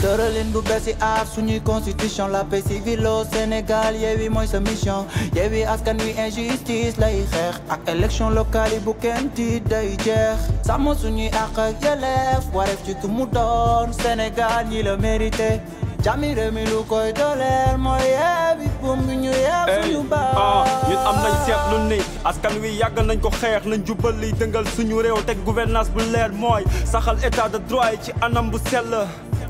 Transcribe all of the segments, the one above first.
tëralin bu bees à aar suñuy constitution la paix civile au Sénégal Yewwi mooy sa mission Yewwi Askan Wi injustice lay hier. ak élection locale yi bu kenn tiit day jeex sàmm suñuy àq ak yelleef wareef ci tu mu doon Sénégal ñi le mérité jàmmi réew mi lu koy dooleel mooy yeewi buum bi ñu yeew suñu baax ñun ah, am nañ seetlu ni askan wi yàgg nañ ko xeex nañ jubal liy dëngal suñu réew teg gouvernance bu leer mooy saxal état de droit yi ci anam bu sell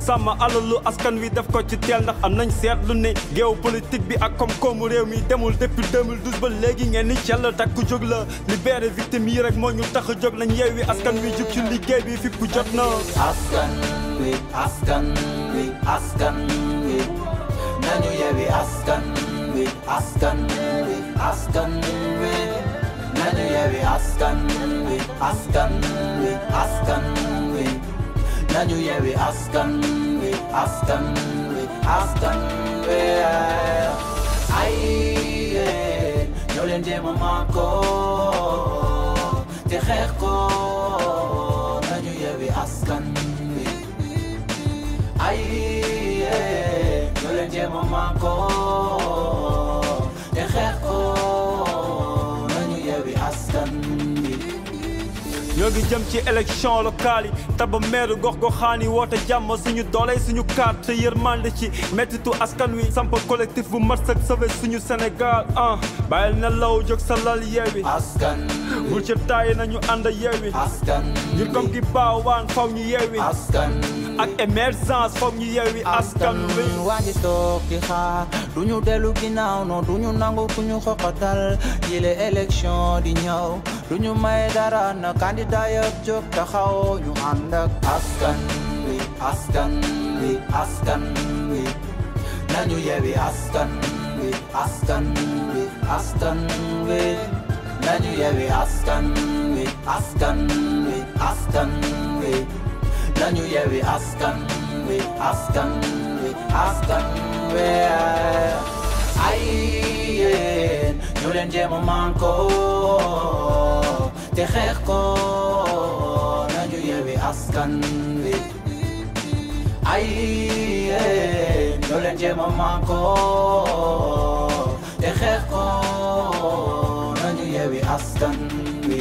sàmm alalu askan wi def ko ci teel ndax am nañ seetlu ne géopolitique bi ak koom-koomu réew mi demul depuis 2012 ba léegi ngeen ni cell takku jóg la libéré victime yi rek moo ñu tax a jóg nañ yeewi askan wi jug ci liggéey bi fi ku jot na askan we askan, we askan, we Nanyu ye we askan, we askan, we askan, we Nanyu ye we askan, we askan, we askan, we Nanyu ye we askan, we askan, we askan, we Aye, nyolen de mamako Te kheko Nanyu ye we askan, we bàyyi ñoo leen jéem a mànkoo te xeex ko nañu yeewi askan bi ñoo ngi jëm ci élection locale yi taba meeru gox goxaan yi woote jàmm suñu doole suñu carte te yërmande ci méttitu askan wi samp collectif bu mat sëkk sauver suñu Sénégal ah bàyyil na law jóg sa lal yeewi askan bul ci tàyyi nañu ànd yeewi askan ngir comme gi baawaan faw ñu yeewi askan ak émergence foog ñu yeewi askan wi waaji toog di xaar du ñu dellu ginnaaw non du ñu nangu ku ñu xoqatal yile élection di ñëw du ñu may dara na candidat yëpp jóg taxaw ñu ànd ak askan wi askan wi askan wi nañu yeewi askan wi askan wi askan wi nañu yeewi askan wi askan wi askan wi can you hear we asking, we asking, we asking where? Ayen, yulen jemo manko, techerko. Can you hear we asking, we? Ayen, yulen jemo manko, techerko. Can you hear we asking, we?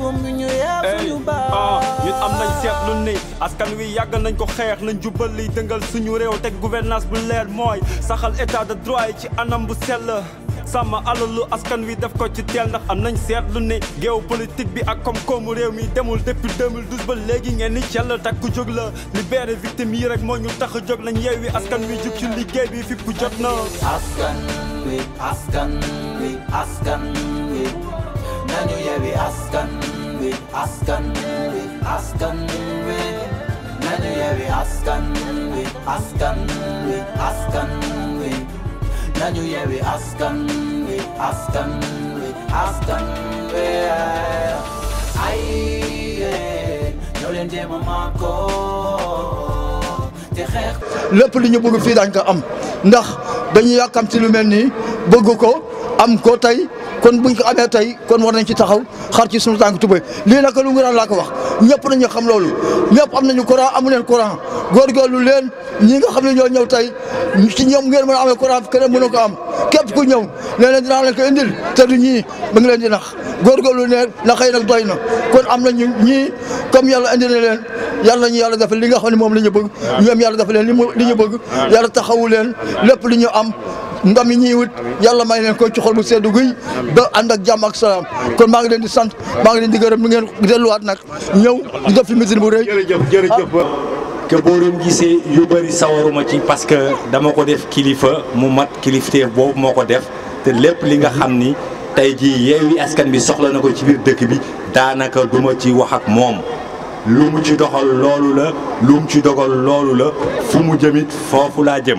Eh, ah ñun am nañ seetlu ni askan wi yàgg nañ ko xeex nañ jubal liy dëngal suñu réew teg gouvernance bu leer mooy saxal état de droit yi ci anam bu sell sàmm alalu askan wi def ko ci teel ndax am nañ seetlu ni géopolitique bi ak koom-koomu réew mi demul depuis 2012 ba léegi ngeen ni cell takku jóg la libéré victime yi rek moo ñu tax jóg nañ yeewi askan wi jug ci liggéey bi fi ku jot na askan wi askan and you yeah we askan we askan we askan we and you yeah we askan we askan we askan we and you yeah we askan we askan we askan we ai yolen dem mako lépp li ñu bëgg fii dañ ko am ndax dañu yàkkamti lu mel bëgg ko am ko tey kon buñ ko amee tey kon war nañ ci taxaw xar ci suñu tànk tubay lii naka lu ngiraan laa ko wax ñëpp nañu xam loolu ñëpp am nañu courant amu leen courant góorgóorlu leen ñi nga xam ne ñoo ñëw tey ci ñoom ngeen mën a amee courant keneen mënu ko am képp ku ñëw nee leen dinaa leen ko indil te du ñii ba leen di nax góorgóorlu leen na xëy nag doy na kon am nañu ñii comme yàlla indi na leen yàlla ñu yàlla defal li nga xam ne moom la ñu bëgg ñoom yàlla defal leen li ñu bëgg yàlla taxawu leen lépp li ñu am ndam yi ñuy wut yàlla may leen ko ci xol bu seddu guy ba ànd ak jàmm ak salaam kon maa ngi leen di sant maa ngi leen di gërëm ni ngeen delluwaat nag ñëw di def fi meeting bu rëy jërëjëf ah. que boo doon gisee yu bëri sawaruma ci parce que dama ko def kilifa mu mat kilifteef boobu moo ko def te lépp li nga xam ni tey jii yeewi askan bi soxla na ko ci biir dëkk bi daanaka duma ci wax ak moom lu mu ci doxal loolu la lu mu ci dogal loolu la fu mu jëmit foofu laa jëm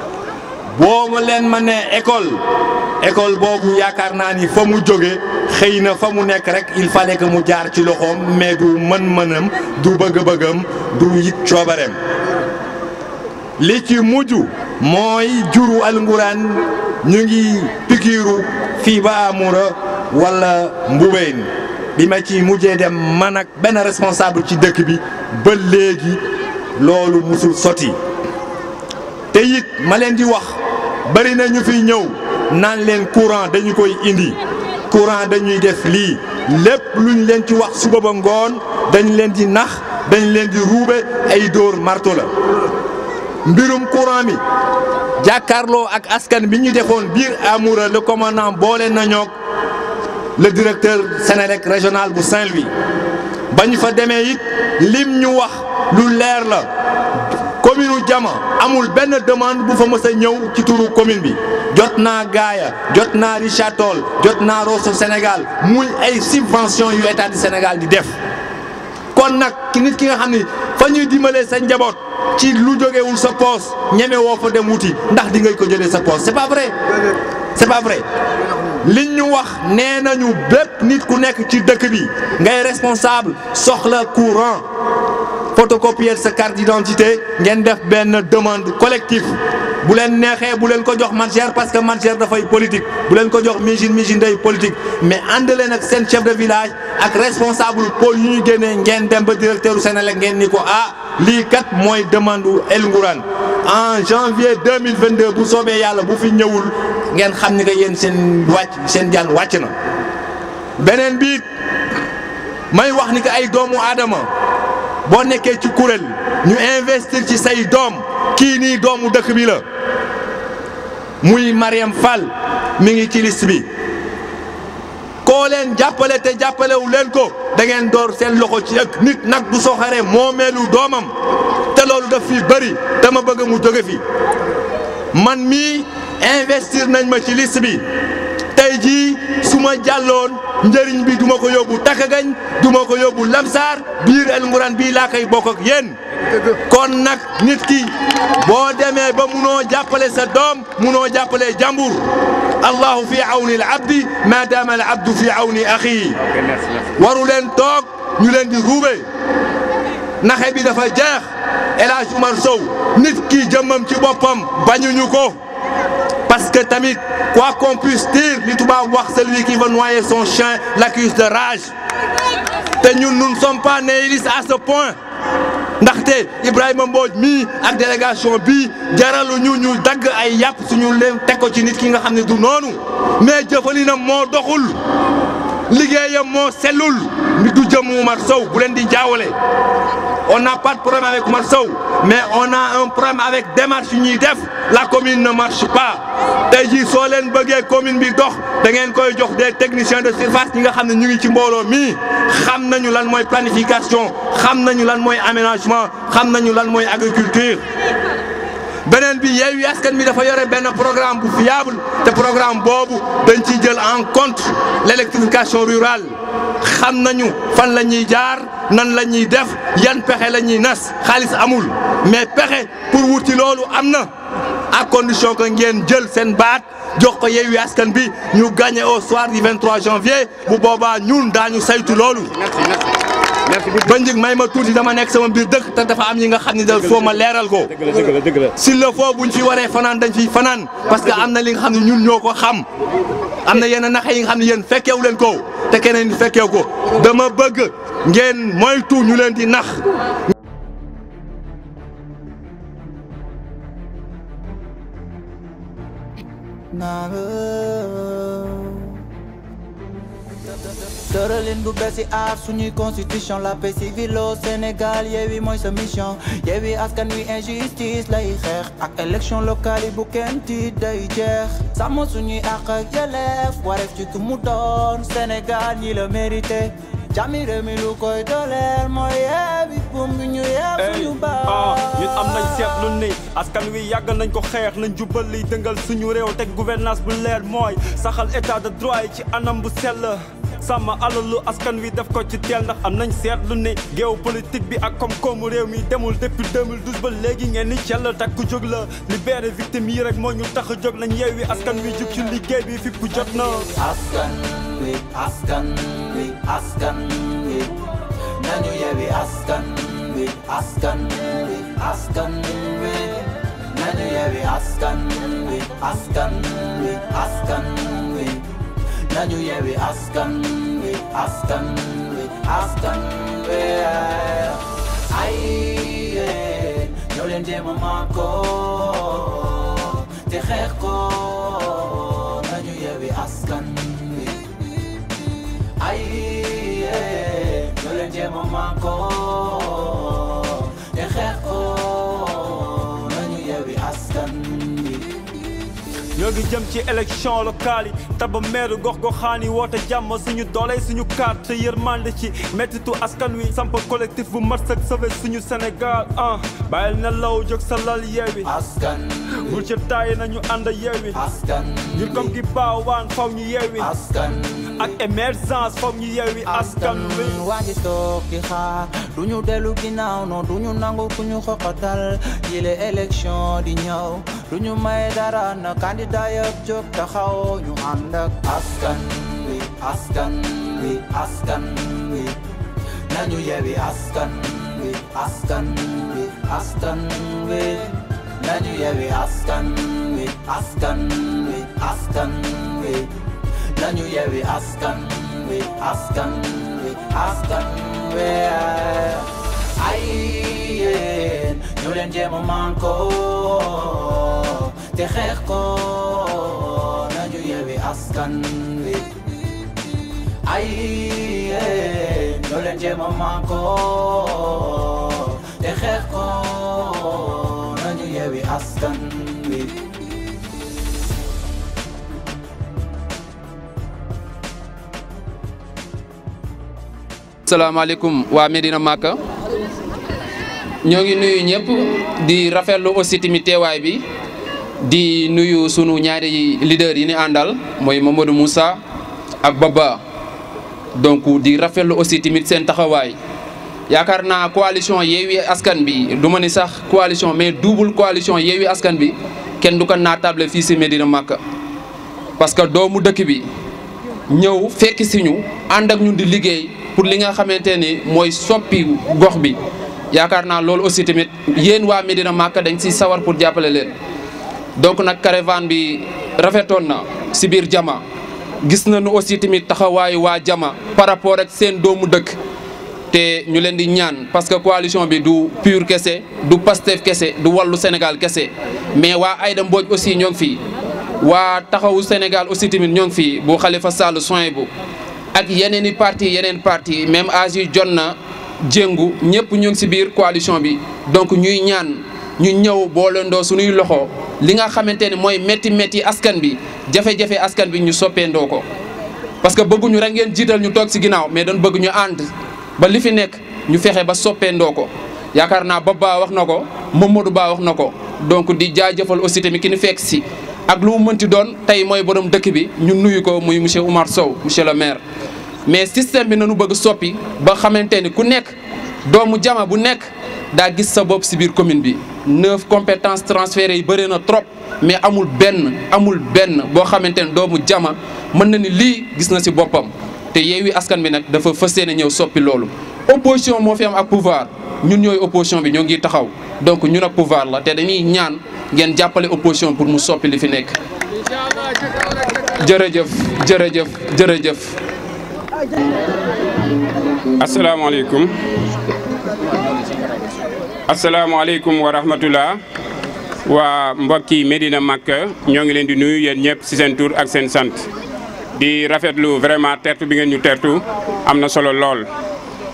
boo ma leen ma ne école école boobu yaakaar naa ni fa mu jóge xëy na fa mu nekk rek il fallait que mu jaar ci loxoom mais du mën-mënam du bëgg-bëggam du it coobareem li ci mujj mooy juru alnguraan ñu ngi pikiiru fii ba Amoura wala Mboubeen bi ma ci mujjee dem man ak benn responsable ci dëkk bi ba léegi loolu musul sotti te it ma leen di wax bari na ñu fi ñëw naan leen courant dañu koy indi courant dañuy def lii lépp luñ leen ci wax suba ba ngoon dañ leen di nax dañ leen di ruube ay dóor marto la mbirum courant mi jàkkaarloo ak askan bi ñu defoon biir Amoura le commandant boole nañoog le directeur Sénélec régional bu Saint-Louis ba ñu fa demee it lim ñu wax lu leer la commune Jama amul benn demande bu fa mës a ñëw ci turu commune bi Jotna Gaaya jotna naa Richard Toll jot naa Rosso Sénégal muy ay subvention yu état du Sénégal di def kon nak ki nit ki nga xamni ni fa ñuy dimbalee sa njaboot ci lu wul sa poste, ñëmé wo fa dem wuti ndax di ngay ko jëlé sa poste. c'est pas vrai c'est pas vrai liñ ñu wax nee nañu bépp nit ku nekk ci dëkk bi ngay responsable soxla courant photocopier ce carte d'identité ngeen def benn demande collectif bu leen neexee bu leen ko jox manager parce que manager dafay politique bu leen ko jox migine migine day politique mais ànd leen ak seen chef de village ak responsable pôle yu ñu génnee ngeen dem ba directeur Senelec ngeen ni ko ah lii kat mooy demande El Ngourane en janvier 2022 bu soobee yàlla bu fi ñëwul ngeen xam ni que yéen seen wàcc seen jàng wàcc na beneen biit may wax ni que ay doomu aadama boo nekkee ci kuréel ñu investir ci say doom kii nii doomu dëkk bi la muy Mariam fal mi ngi ci liste bi kooleen leen jàppale te jàppalewu leen ko da ngeen door seen loxo ci ak nit nag du soxare moomeelu doomam te loolu daf fi bëri dama bëgg mu jóge fi man mii investir nañ ma ci list bi tey suma su jàlloon njëriñ bi duma ko yóbbu Takagañ du ma ko yóbbu Lamsaar biir El Ngourane bii laa koy bokk ak yéen kon nag nit ki boo demee ba munoo jàppale sa doom munoo jàppale jàmbur allahu fi awni al abdi ma dama al abdu fi awni axi waru leen toog ñu leen di ruube naxe bi dafa jeex El Hadj Umar Sow nit ki jëmmam ci boppam bañuñu ko Parce que quoi qu'on puisse dire, ne il pas voir celui qui veut noyer son chien, l'accuse de rage. Et nous, nous ne sommes pas néhilistes à ce point. Parce Ibrahim Mbodj, mi la délégation, B, nous a dit que nous avons faire que nous avons dit que nous avons dit que nous avons dit que nous avons dit que nous avons dit que nous avons dit que on n'a pas de problème avec Marceau, mais on a un problème avec des marches, la commune ne marche pas si jii soo commune bi dox des techniciens de surface planification lan aménagement xam lan que agriculture Benen bi Askan programme fiable un programme qui dañ ci jël en compte l'électrification rurale xamnañu fan lañuy jaar nan lañuy def yan pexé lañuy nas xaalis amul mais pexé pour wuti lolu amna na à condition que ngeen jël sen baat jox ko Yewwi Askan bi ñu gagner au soir du 23 janvier bu boba ñun dañu saytu lolu merci merci. ba njëg may ma tuuti dama nekk sama biir dëkk te dafa am ñi nga xam ne dal foo ma leeral ko s'il le faut buñ fi waree fanaan dañ fiy fanaan parce que am na li nga xam ne ñun ñoo ko xam am na yenn naxe yi nga xam ne yéen leen ko te keneen fekkeew ko dama bëgg ngeen moytu ñu leen di nax tëralin bu Bessi yi aar constitution la paix civile au Sénégal Yéwi mooy sa mission yéwi Askan Wi injustice lay xeex ak élection locale yi bu kenn tiit day jeex sàmm suñuy ak yelleef wareef ci tu mu doon Sénégal ñi le mérité Jami réew mi lu koy dooleel mooy Yewwi buum bi ñu yeewu ñu baax ah, ñun am nañ seetlu ni askan wi yàgg nañ ko xeex nañ jubal li dëngal suñu réew teg gouvernance bu lèr moy saxal état de droit yi ci anam bu sell sàmm alalu askan wi def ko ci teel ndax am nañ seetlu ni géopolitique bi ak koom-koomu réew mi demul depuis 2012 ba léegi ngeen ni cell takku jóg la libéré victime yi rek moo ñu tax jóg nañ yeewi askan wi jug ci liggéey bi fippu jot na askan wi askan wi askan wi nañu yeewi askan wi askan wi askan wi nañu yeewi askan wi askan wi askan na new year we askan, we askan, we askan, we Aye, yeah. nyolende mamako, techeko. ngi jëm ci élection locale yi taba meeru gox goxaan yi woote jàmm suñu suñu carte yërmande ci askan wi samp collectif bu sauvé suñu Sénégal ah bàyyil na law jóg sa lal yeewi askan bul ci tàyyi nañu ànd yeewi askan ñun comme ñu askan ak émergence foog ñu yeewi askan wi waaji toog di xaar du ñu dellu ginnaaw non du ñu nangu ku ñu xoqatal yile élection di ñëw du ñu may dara na candidat yëpp jóg taxaw ñu ànd ak askan wi askan wi askan wi nañu yeewi askan wi askan wi askan wi nañu yeewi askan wi askan wi askan wi then you hear we asking, we asking, we asking where Ayen, nous l'enje mon manco Te cherko, you hear we asking, we Ayen, nous l'enje mon manco Te cherko, you hear we asking salaamaaleykum waa Medina Màkka ñoo ngi nuyu ñëpp di rafetlu aussi tamit teewaay bi di nuyu sunu ñaari leader yi ni àndal mooy Mamadou Moussa ak Baba donc di rafetlu aussi tamit seen taxawaay yaakaar naa coalition Yewwi Askan bi du ma ni sax coalition mais double coalition Yewwi Askan bi kenn du ko naatable fii si Medina Màkka parce que doomu dëkk bi ñëw fekk si ñu ànd ak ñun di liggéey. pour li nga xamante ni mooy soppi gox bi yaakaar naa loolu aussi tamit yéen waa Medina Màkka dañ si sawar pour jàppale leen donc nag caravane bi rafetoon na si biir jama gis nañu aussi tamit taxawaayu waa jama par rapport ak seen doomu dëkk te ñu leen di ñaan parce que coalition bi du PUR kese du PASTEF kese du wàllu Sénégal kese mais waa Aïda Mbodj aussi ñoo ngi fii waa taxawu Sénégal aussi tamit ñoo ngi fii bu Khalifa Sall soin bu ak yeneen i parti yeneen parti même âge yi jot na jéngu ñëpp ñu ngi si biir coalition bi donc ñuy ñaan ñu ñëw booleendoo suñuy loxo li nga xamante ne mooy métti métti askan bi jafe-jafe askan bi ñu soppeendoo ko parce que bëgguñu rek ngeen jiital ñu toog si ginnaaw mais doon bëgguñu ñu ànd ba li fi nekk ñu fexe ba soppeendoo ko yaakaar naa Baba wax na ko Mamadou Ba wax na ko donc di jaajëfal aussi tamit ki nu fekk si ak lu mu mënti doon tey mooy borom dëkk bi ñu nuyu ko muy monsieur Oumar Sow monsieur le maire mais système bi nanu bëgg soppi ba xamante ni ku nekk doomu jama bu nekk daa gis sa bopp si biir commune bi neuf compétence transférées yi bëri na trop mais amul benn amul benn boo xamante ni doomu jama mën na ni lii gis na si boppam te Yewwi Askan Wi nag dafa fas yéene ñëw soppi loolu opposition moo fi am ak pouvoir ñun ñooy opposition bi ñoo ngi taxaw donc ñun ngeen une opposition pour mu soppi li fi nekk jërëjëf Assalamu jërëjëf. Assalamu wa rahmatullah Wa mbokki Medina Makka ñongi len di nuyu yeen ñep ci sen tour ak sen sant di rafetlu vraiment tertu bi ngeen ñu tertu amna solo lol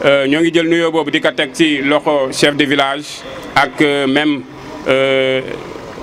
euh ñongi jël nuyo bobu di ci loxo chef de village ak euh, même euh,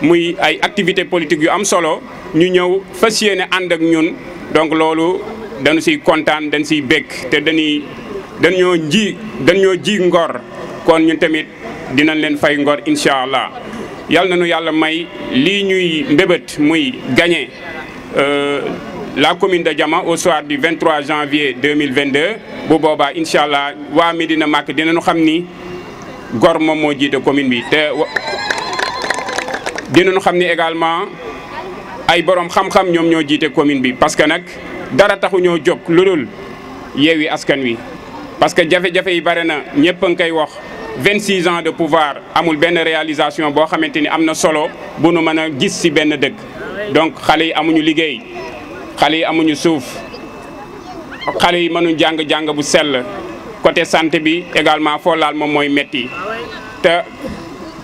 muy ay activité politique yu am solo ñu ñew fassiyene and ak ñun donc lolu dañu ci contane dañ ci te ji ji ngor kon ñun tamit dinañ leen fay ngor inshallah yal nañu yalla may ñuy muy euh, la commune de nous au soir du 23 janvier 2022 bu nous inshallah wa Medina Mak dinañu xamni gor commune nous nous également ay borom xam-xam ñom ñoo la commune bi parce que nak dara taxu ñoo jóg yewi askan wi. parce que jafé jafé yi 26 ans de pouvoir amul ben réalisation bo xamanteni amna solo bu nu mëna gis donc xalé yi amuñu liggéey xalé yi amuñu suuf xalé yi mënu jang bu côté santé bi également fo laal mom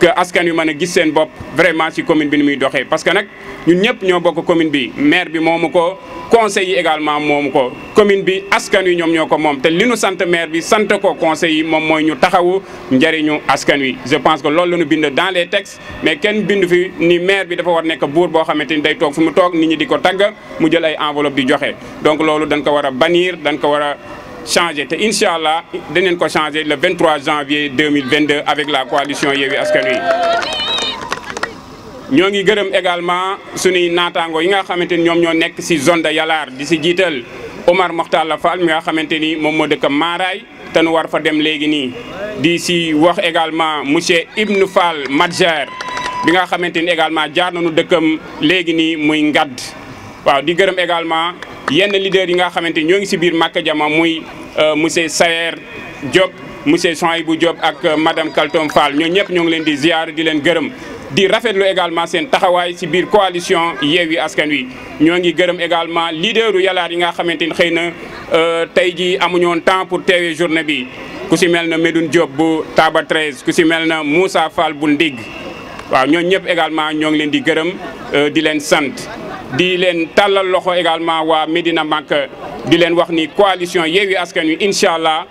que askan yu mën gis seen bop vraiment ci commune bi ni muy doxé parce que nak ñun ñëpp ñoo bokk commune bi maire bi momuko conseil yi également momuko commune bi askan wi ñom ñoo ko moom li ñu sante maire bi sante ko conseil yi moom mooy ñu taxawu njëriñu askan wi je pense que loolu la ñu bind dans les textes mais ken bind fi ni maire bi dafa war nek bour bo xamante day tok fu mu tok nit ñi diko tag mu jël ay enveloppe di joxé donc loolu dañ ko wara bannir dañ ko wara changé it inshallah allah changer le 23 janvier 2022 avec la coalition Yewwi Askan Nous avons également suñuy naataango yi nga zone de Yalar. d'ici Omar Mokhtar Lafal, Fall nga nous avons nous nu war également monsieur Ibn Fall Madjer bi nga également jaar nañu nous muy Ngad également. yenn leader yi nga xamante ñoo ngi si biir Maka Jama muy euh, monsieur Sayer Diop monsieur bu Diop ak euh, madame Kaltom Fall ñoo ñëpp ñoo ngi leen di ziar di leen gërëm di rafetlu également seen taxawaay si biir coalition Yewwi Askan Wi ñoo ngi gërëm également leaderu yalaar yi nga xamante ni xëy na euh, tey jii amuñoon temps pour teewee journée bi ku si mel na Medoune Diop bu Taba ku si mel na Moussa Fall bu Ndig waaw ñoo ñëpp également ñoo ngi leen di gërëm di leen sant Dilen leen loxo également wa Medina Bank. Dilen leen wax ni coalition Yewwi Askan Wi incha allah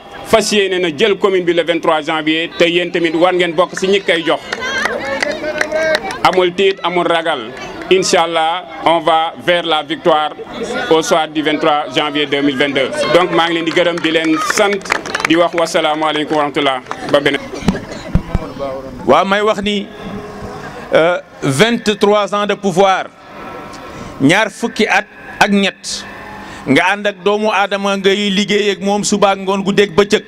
na djel commune bi le 23 janvier te yeen tamit war ngeen bok ci ñi jox amul amul ragal inshallah on va vers la victoire au soir du 23 janvier 2022 donc ma ngi len di gërëm di len sant di wax wasalaamualeykum wa rahmatullah ba beneen. wa may wax ni 23 euh, ans de pouvoir. ñaar fukki at ak ñett nga ànd ak doomu aadama ngay liggéey moom moom ngoon gu ngoon ba bëccëg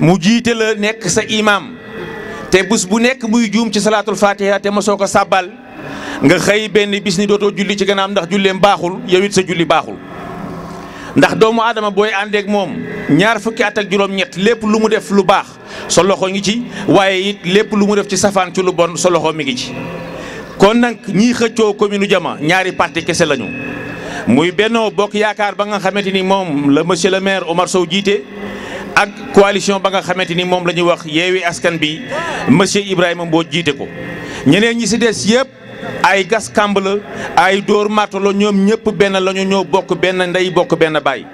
mu jiite la nekk sa imaam te bus bu nekk muy juum ci salaatul fatiha te ma soo ko sàbbal nga xëy benn bis ni dootoo julli ci gànnaam ndax julleem baaxul yow it sa julli baaxul ndax doomu aadama booy àndeek moom ñaar fukki at ak juróom-ñett lépp lu mu def lu baax sa loxo ngi ci waaye it lépp lu mu def ci safaan ci lu bon sa loxo mi ngi ci kon nag ñii xëccoo commune Jama ñaari parti kese lañu muy Benno Bokk Yaakaar ba nga xamante ni moom la monsieur le maire Omar Sow jiite ak coalition ba nga xamante ni moom la ñuy wax Yewwi Askan bi monsieur Ibrahima Mbodj jiite ko ñeneen ñi ci des yëpp ay gas kàmb la ay dóor matalo ñoom ñëpp benn la ñu ñoo bokk benn ndey bokk benn baay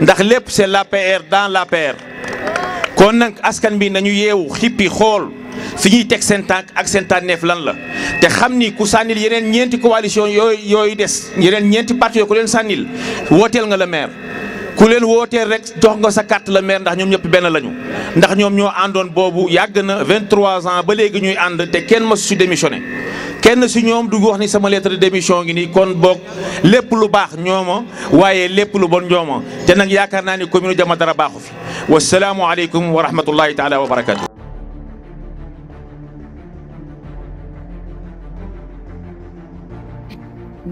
ndax lépp c'est l'APR dans l'APR kon nag askan bi nañu yeewu xippi xool fi ñuy teg seen tànk ak seen tànneef lan la te xam ni ku sànnil yeneen ñeenti coalition yooyu yooyu des yeneen ñeenti parti yooyu ku leen sànnil wooteel nga le maire ku leen wooteel rek jox nga sa carte le maire ndax ñoom ñëpp benn lañu ndax ñoom ñoo àndoon boobu yàgg na 23 ans ba léegi ñuy ànd te kenn ma su démissionné kenn si ñoom du wax ni sama lettre de démission ngi nii kon boog lépp lu baax ñooma waaye lépp lu bon ñooma te nag yaakaar naa ni commune Diama dara baaxu fi wasalaamualeykum wa rahmatullahi taala wa barakatu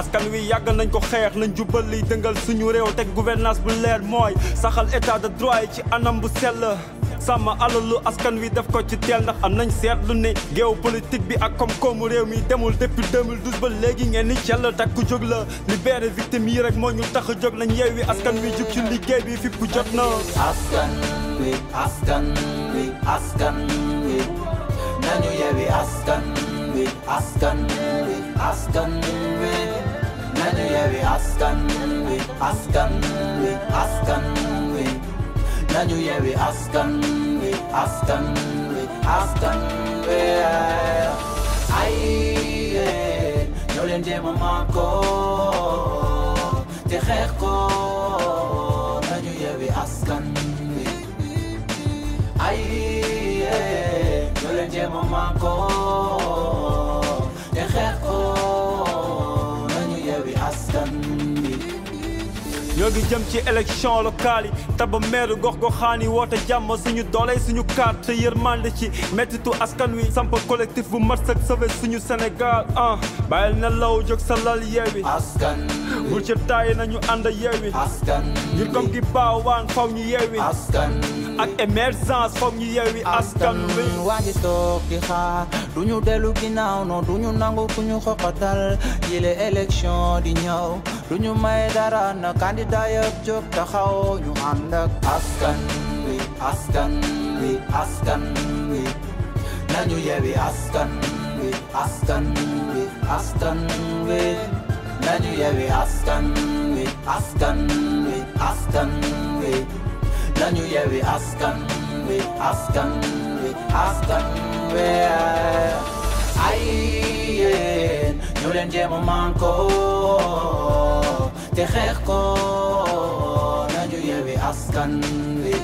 askan wi yàgg nañ ko xeex nañ dëngal suñu réew teg gouvernance bu leer mooy saxal état de droit yi ci anam bu sell alalu askan wi def ko ci teel ndax am nañ seetlu ne géopolitique bi ak koomu réew mi demul depuis 2012 ba léegi ngeen ni cell jóg la libéré victime yi rek moo ñu tax a jóg nañ askan wi jug ci liggéey bi fippu jot na. askan wi askan wi askan wi nañu askan wi askan wi askan wi yeah, we askan, we askan, we askan, we. Nanyu, yeah, we askan, we askan, we askan, we. Aye, yeah, nolen de mamako, te kheko. Nanyu, yeah, we askan, we. Aye, yeah, nolen de mamako. gi jëm ci élection locale yi taba meeru gox goxaan yi woote jàmm suñu doole suñu carte yërmande ci mettitu askan wi samp collectif bu mat sëkk sauvé suñu Sénégal ah bàyyil na law jóg sa lal yeewi askan bul ci tàyyi nañu ànd yeewi askan ngir comme gi baawaan faw ñu yeewi askan ak émergence foog ñu yeewi askan wi waaji toog di xaar du ñu dellu ginnaaw non nangu ku ñu xoqatal yile élection di ñëw du may dara na candidat yëpp jóg taxaw ñu ànd askan wi askan wi askan wi nañu askan wi askan wi askan wi nañu askan wi askan wi askan wi then you hear we asking, we asking, we asking where Ayen, nous l'en j'ai mon Te cherko, then you hear we asking, we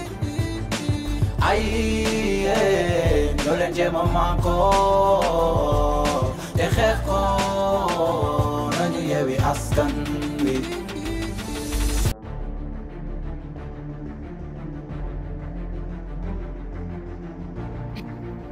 Ayen, nous l'en j'ai mon Te cherko, then you hear we asking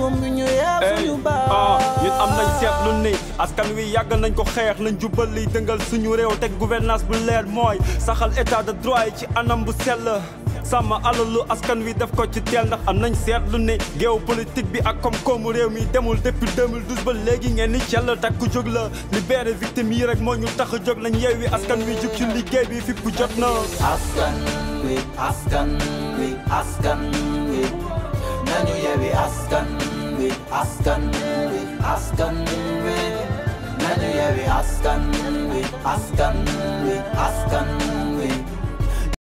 moom ñu ñëwee eh, suñu baax ah, ñun am nañ seetlu ni askan wi yàgg nañ ko xeex nañ jubal li dëngal suñu réew teg gouvernance bu leer mooy saxal état de droit ci anam bu sell sàmm alalu askan wi def ko ci teel ndax am nañ seetlu ne géopolitique bi ak koom-koomu réew mi demul depuis 2012 ba léegi ngeen ni cell takku jóg la libéré victime yi rek moo ñu tax a jóg nañ yeewi askan wi jug ci liggéey bi fi bu jot na askan wi askan wi askan wi nañu yeewi askan yevi we, askanvi Nadu yevi askanvi askanvi we.